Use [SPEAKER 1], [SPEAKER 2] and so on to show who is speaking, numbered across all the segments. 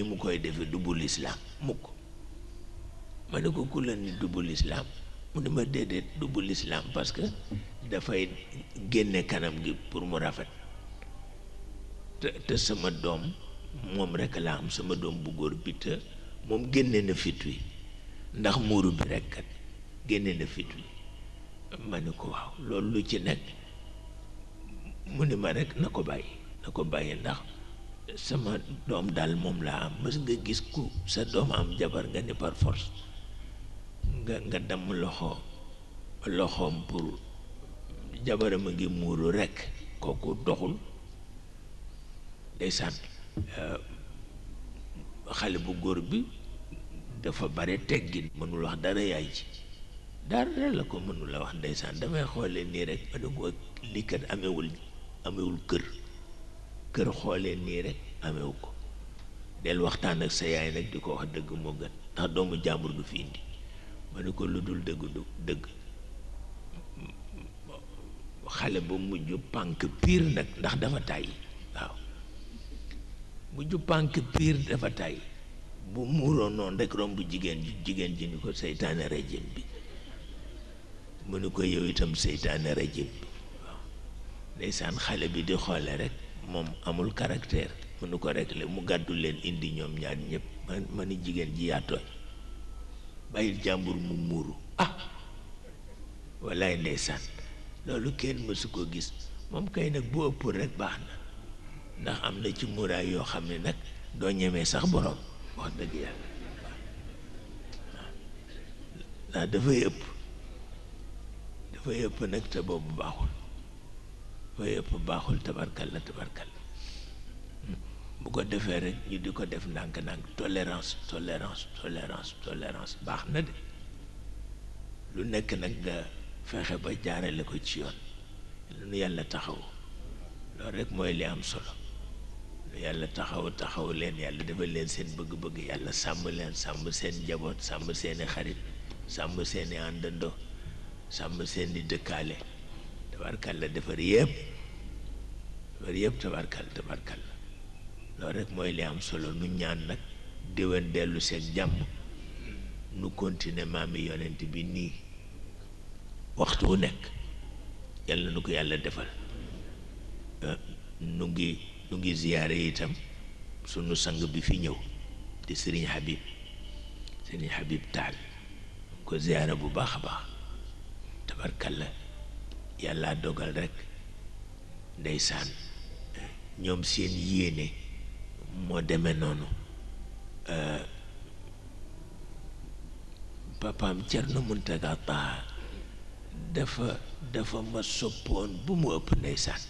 [SPEAKER 1] ni mu koy defee dubbu lislaam mukk ma ne ko ku ni dubbu lislaam mu ne ma déedéet dubbu lislaam parce que dafay génne kanam gi pour mu rafet te te sama doom moom rek laa am sama doom bu góor bi te moom génne na fit wi ndax muuru bi rekk kat génne na fit wi ma ne ko waaw loolu lu ci nekk mu ne ma rekk na ko bàyyi na ko bàyyi ndax sama doom daal moom laa am mës nga gis ku sa doom am jabar nga ni par nga nga damm loxo loxoom pour jabaram a ngi muuru rekk kooku doxul ndeysaan euh, xale bu góor bi dafa bare teggin mënul wax dara yaay ji dara la ko mënula wax ndeysaan damay xoolee nii rek ma ne amewul amewul kër kër xoolee nii rek amewu ko del waxtaan ak sa yaay nag di ko wax dëgg moo gën ndax doomu jàmbur du fi indi ma ne ko lu dul dëgg du dëgg xale ba mujj pànk piir nag ndax dafa tàyyi waaw mujj pànk piir dafa tàyyi bu muuroo noonu rek romb jigéen ji jigéen ji ni ko seytaane rajim bi mu ni ko yow itam seytaane rajim bi waaw ndeysaan xale bi di xoole rek moom amul caractère mënu ko régler mu gàddu leen indi ñoom ñaar ñëpp man ma ni jigéen ji yaa tooñ bàyyil jàmbur mu muuru ah wallaay ndeysaan loolu kenn mësu ko gis moom kay nag baax ndax am na ci muuraay yoo xam ne nag doo ñemee sax boroom wax dëgg yàlla ndax dafay ëpp dafay ëpp nag te boobu baaxul yooyu yëpp baaxul tabarkal la tabarkal hmm. bu ko defee rek ñu di ko def ndànk-ndànk tolérance tolérance tolérance tolérance baax na de lu nekk nag nga fexe ba jaarale ko ci yoon lu yàlla taxaw loolu rek mooy li am solo yàlla taxaw taxaw leen yàlla defal leen seen bëgg-bëgg yàlla sàmm leen sàmm seen njaboot sàmm seeni xarit sàmm seeni àndandoo sàmm seeni dëkkaale tabarkal la defar yëpp loolu yëpp tabarkal tabarkal la loolu rek mooy li am solo nu ñaan nag déwén dellu seen jàmm nu continuer maami yonent bi nii waxtu wu nekk yàlla nu ko yàlla defal nu ngi nu ngi ziyaare itam sunu sang bi fi ñëw di sëriñ Habib sëriñ Habib Taal ko ziyaare bu baax a baax tabarkal la yàlla dogal rek ndeysaan ñoom seen yéene moo demee noonu euh, papaam Cerno Muntaga Taha dafa dafa ma soppoon bu mu ëpp ndeysaan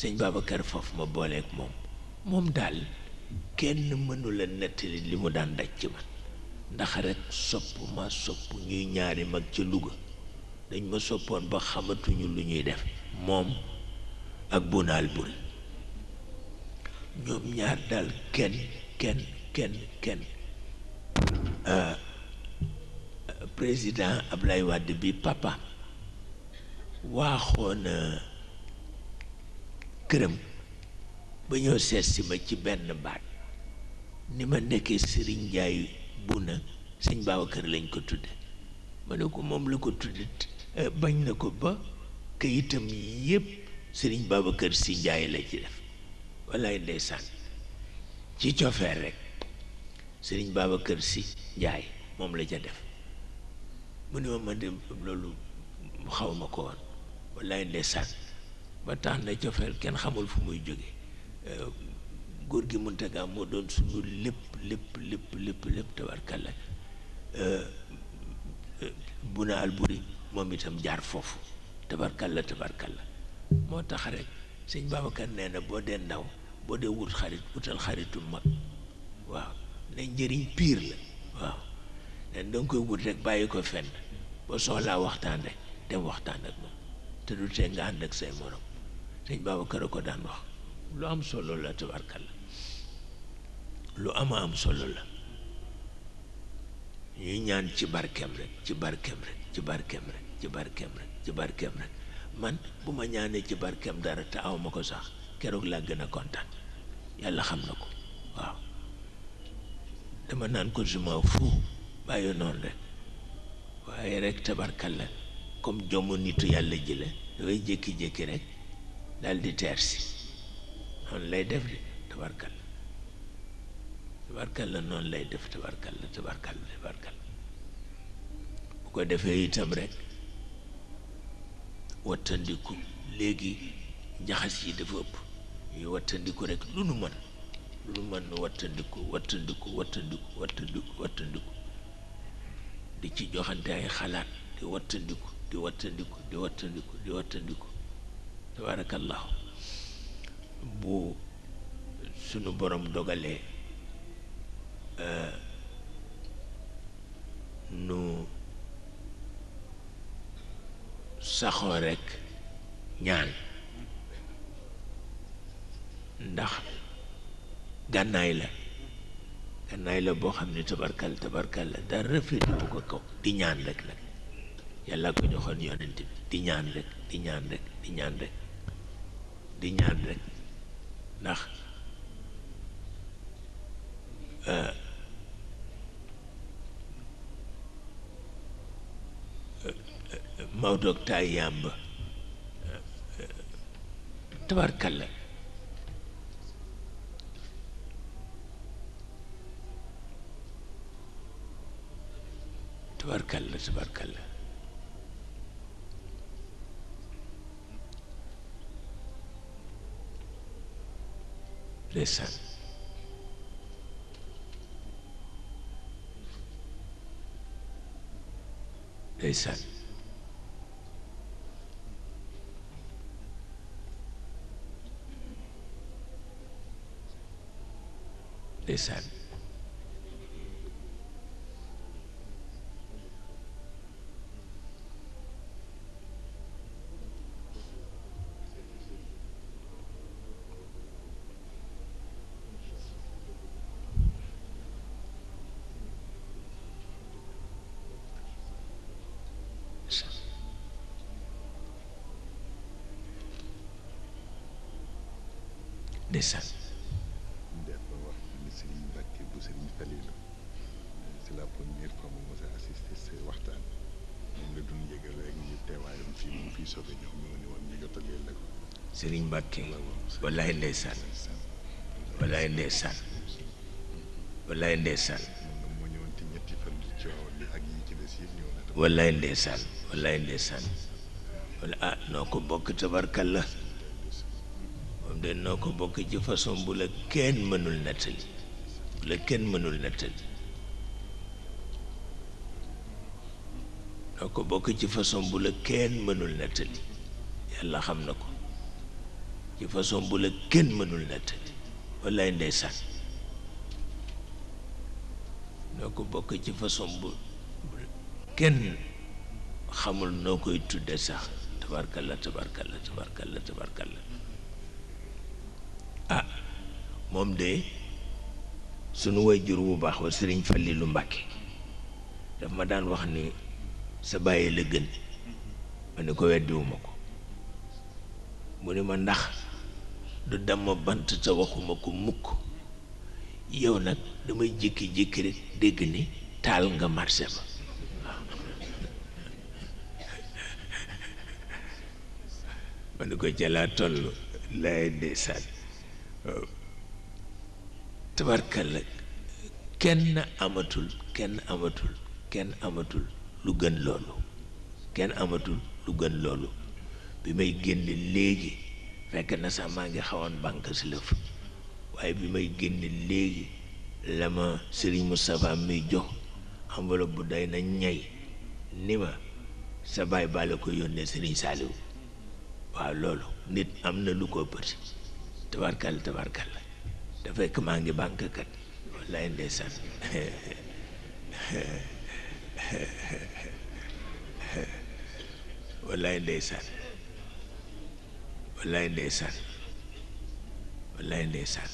[SPEAKER 1] sëñ Babacar foofu ma booleeg moom moom daal kenn mënula nettali li mu daan daj ci man ndax rekk sopp ma ñuy ñaari mag ca Louga dañ ma soppoon ba xamatuñu lu ñuy def moom ak bunaal buri ñoom ñaar daal kenn kenn kenn kenn euh, euh, président Ablaye Wade bi papa waaxoon euh, këram ba ñëw seet ma ci benn baat ni ma nekkee Serigne Ndiaye bu na sëñ Babacar lañ ko tudd ma ne ko moom la ko tudde bañ na ko ba kayitam yépp Serigne kër si Ndiaye la ci def wallaay ndeysaan ci cofeer rek sëriñ kër Si Njaay moom la ca def mu ne ma man de loolu xaw ma ko woon wallaay ndeysaan ba tax na cofeer kenn xamul fu muy jóge euh, góor gi Muntaga moo doon suñu lépp lépp lépp lépp lépp tabarkalla euh, bu na alburi moom itam jaar foofu tabarkalla tabarkalla moo tax rek sëñ Babacar nee na boo dee ndaw boo dee wut xarit wutal xaritul mag waaw ne njëriñ piir la waaw ne danga koy wut rek bàyyi ko fenn boo soxlaa waxtaan rek dem waxtaan ak moom te du tee nga ànd ak say morom sëñ Babacar a ko daan wax lu am solo la tabarkalla lu ama am solo la ñuy ñaan ci barkeem rek ci barkeem rek ci barkeem rek ci barkeem rek ci barkeem rek man bu ma ñaanee ci barkeem dara te awma ko sax keroog laa gën a kontaan yàlla xam na ko waaw dama naan ko jumaa fuu bàyyi noonu rek waaye rek tabarkalla comme jommu nitu yàlla ji la dafay jékki-jékki rek daal di teer si noonu lay def de la tabarkalla noonu lay def tabarkalla tabarkalla tabarkalla bu ko defee itam rek wattandiku léegi jaxas yi dafa ëpp ñu wattandiku rek lu nu mën lu nu mën nu wattandiku wattandiku wattandiku wattandiku wattandiku di ci joxante ay xalaat di wattandiku di wattandiku di wattandiku tabarakallahu bu sunu borom dogalee euh, nu saxoo rekk ñaan ndax gànnaay la gànnaay la boo xam ne tabarkal tabarkal la dara rafetlu bu ko kaw di ñaan rek nag yàlla ko joxoon yonent bi di ñaan rek di ñaan rek di ñaan rek ndax euh, euh, euh, Maodo ak Yàmb tabarkal la tabarkalla tabarkalla ndeysaan ndeysaan ndeysaan ndeysaan c'est la première fois mu mos a assister say waxtaan moom la doon yëgal rek ñu teewaayam fii mu fii soobee ñoom ñoo ne woon ñu jotalee la ko Serigne Mbacke wallaay ndeysaan wallaay ndeysaan wallaay ndeysaan moo ñëwoon ci ñetti fan di coow li ak yi ci des yëpp ñëw na wallaay ndeysaan wallaay ndeysaan wala ah noo ko bokk tabarkal la danoo ko bokk ci façon bu la kenn mënul nettali bu mënul nettali noo ko bokk ci façon bu la kenn mënul nettali yàlla xam na ko ci façon bu la kenn mënul nettali wallaay ndeysaan noo ko bokk ci façon bu kenn xamul noo koy tudde sax tabarkalla tabarkalla tabarkalla tabarkalla ah moom de sunu jur bu baax wa sëriñ lu Mbàkke daf ma daan wax ni sa bàyyi la gën ma ni ko weddiwuma ko mu ni ma ndax du dama bant sa waxuma ko mukk yow nag damay jékki-jékki rek dégg ni taal nga marché ba ma ni ko ca laa toll lay desaan tabarkalla kenn amatul kenn amatul kenn amatul lu gën loolu kenn amatul lu gën loolu bi may génn léegi fekk na sax maa ngi xawoon banque si lëf waaye bi may génn léegi la ma Serigne Moustapha muy jox enveloppe bu day na ñay ni ma sa baay baa la ko yónnee Serigne Saliou waaw loolu nit am na lu ko pëti tabarkal tabarkal da fekk maa ngi banque kat wallaay ndeysaan wallaay ndeysaan wallaay ndeysaan wallaay ndeysaan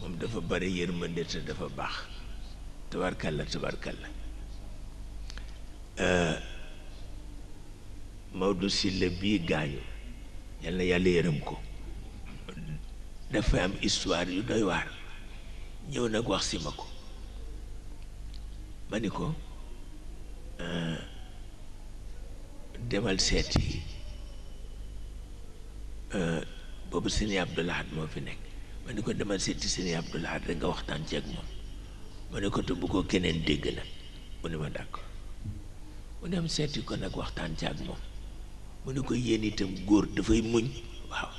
[SPEAKER 1] moom dafa bari yërmande te dafa baax tabarkal la tabarkal la euh, Maodo Sylla bii gaañu yal yàlla yërëm ko dafa am histoire yu doy waar ñëw nag wax si ma ko ma ni ko euh, demal seeti euh, boobu sëñ Abdou moo fi nekk ma ni ko demal seeti sëñ Abdou Lahad nga waxtaan ci ak moom ma ne ko te bu ko keneen dégg nag mu ne ma d'accord mu dem seeti ko nag waxtaan ci ak moom mu ne ko yéen itam góor dafay muñ waaw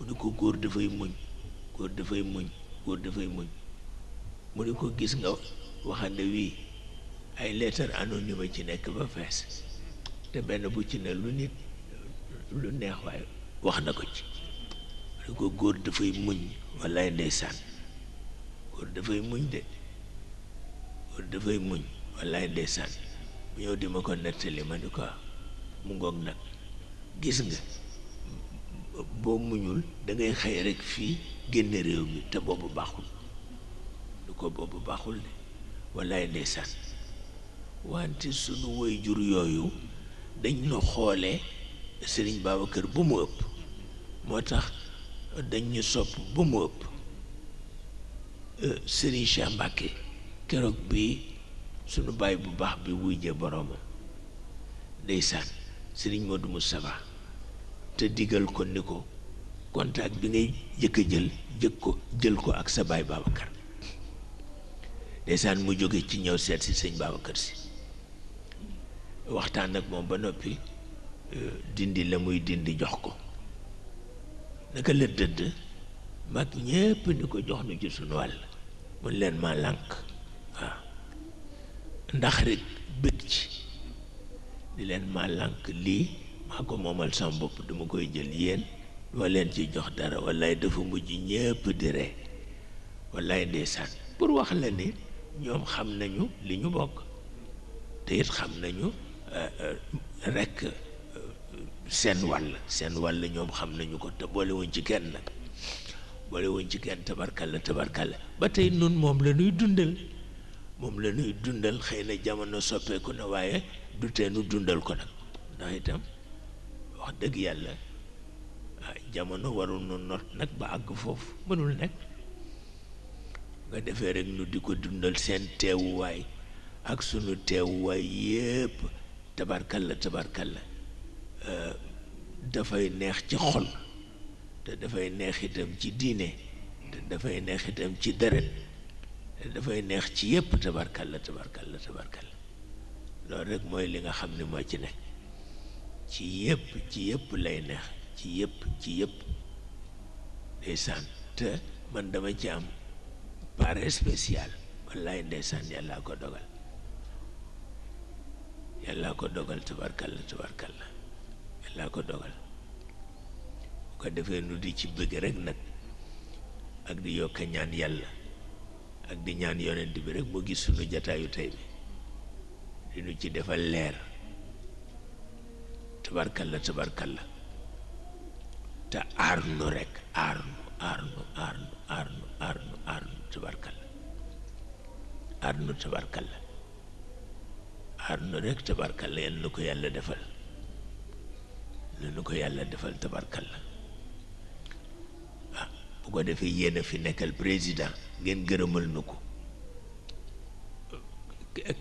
[SPEAKER 1] mu ne ko góor dafay muñ góor dafay muñ góor dafay muñ mu ne ko gis nga waxande wii ay lettre anonyme ci nekk ba fees te benn bu ci ne lu nit lu neex waaye wax na ko ci mu ne ko góor dafay muñ wallaay ndeysaan góor dafay muñ de góor dafay muñ wallaay bu ñëw di ma ko nettali ma ni ko mu ngoog nag gis nga boo muñul da ngay xëy rekk fii génne réew bi te boobu baaxul lu ko boobu baaxul ne wallaay ndeysaan wante sunu woy jur yooyu dañ ñu xoolee sëriñ Babacar bu mu ëpp moo tax dañ ñu sopp bu mu ëpp euh, sëriñ Cheikh Mbacke keroog bi sunu baay bu baax bi wujje boromam ndeysaan sëriñ Modou Moustapha te digal ko ni ko contact bi ngay jëkk a jël jëkk ko jël ko ak sa baay Babacar ndeysaan mu jóge ci ñëw seet si sëñ Babacar si waxtaan ak moom ba noppi euh, dindi la muy dindi jox ko naka la dëdd mag ñépp ni ko jox nu ci suñu wàll mun leen ma lànk waaw ndax bëgg ci di leen ma lànk lii maa ko moomal sama bopp duma koy jël yéen duma ci jox dara wallaay dafa mujj ñépp di ree wallaay ndeysaan pour wax la ni ñoom xam nañu li ñu bokk te it xam nañu euh, euh, rekk euh, seen wàll seen wàll ñoom xam nañu ko te boole wuñ ci kenn nag boole ci kenn tabarkalla tabarkalla ba tey nun moom la ñuy dundal moom la ñuy dundal xëy na jamono soppeeku na waaye du teenu dundal ko nag ndax itam wax dëgg yàlla jamono warul nu not nag ba àgg foofu mënul nekk nga defee rek nu di ko dundal seen teewuwaay ak sunu teewuwaay yépp tabarkalla tabarkalla euh, dafay neex ci xol te dafay neex itam ci diine te dafay neex itam ci deret te dafay neex ci yépp tabarkalla tabarkalla tabarkalla loolu rek mooy li nga xam ne moo ci nekk ci yépp ci yépp lay neex ci yëpp ci yëpp ndeysaan te man dama ci am part spéciale wallaay ndeysaan yàllaa ko dogal yàllaa ko dogal tabarkalla tabarkalla yàllaa ko dogal bu ko defee nu di ci bëgg rek nag ak di yokk ñaan yàlla ak di ñaan yonent bi rek moo gis sunu jataayu tey bi di nu ci defal leer tabarkalla la te aar nu rek aar nu aar nu aar nu aar nu aar nu aar nu aar nu tabarkalla aar nu rek tabarkalla yal na ko yàlla defal yal ko yàlla defal tabarkalla ah bu ko defee yéen fi nekkal président ngeen gërëmal nu ko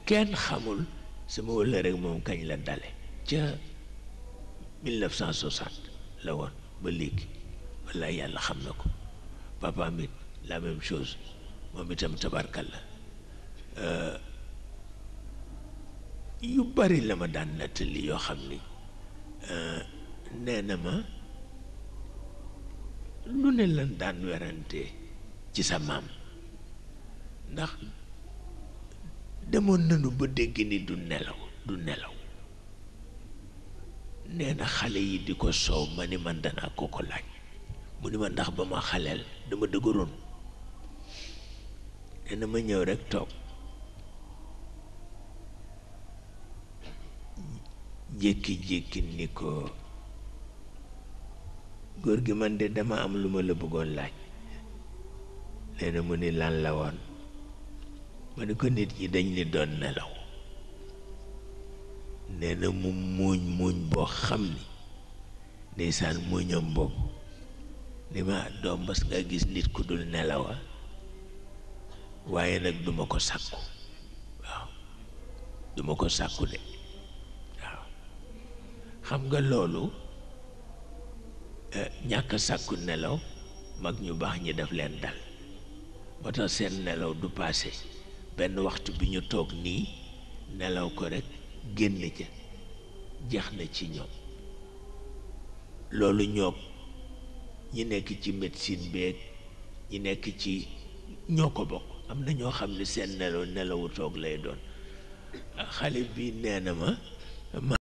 [SPEAKER 1] kenn xamul sama wëla rek moom kañ la dale ca 1960 la woon ba léegi wallaay yàlla xam na ko papaam it la même chose moom itam tabarkalla euh, yu bari la ma daan nettali yoo xam ni euh, nee na ma lu ne lan daan werante ci sa maam ndax demoon nanu ba dégg ni du nelaw du nelaw nee na xale yi di ko soow ma ni man danaa ko ko laaj mu ni ma ndax ba ma xaleel dama dëgëroon nee na ma ñëw rekk toog jékki-jékki ni ko góor gi man de dama am lu ma la bëggoon laaj nee na mu ni lan la woon ma ni ko nit ñi dañ ni doon nelaw nee na mu muuñ muuñ boo xam ni ndeysaan muuñam boobu ni ma doom nga gis nit ku dul nelawa ah, waaye nag duma ko sàkku waaw duma ko sàkku de waaw xam nga loolu eh, ñàkk sàkku nelaw mag ñu baax ñi daf leen dal moo tax seen nelaw du paase benn waxtu bi ñu toog nii nelaw ko rek génn ca jeex na ci ñoom loolu ñoom ñi nekk ci médecine beeg ñi nekk ci ñoo ko bokk am na ñoo xam ni seen nelaw nelawu toog lay doon xale bi nee na ma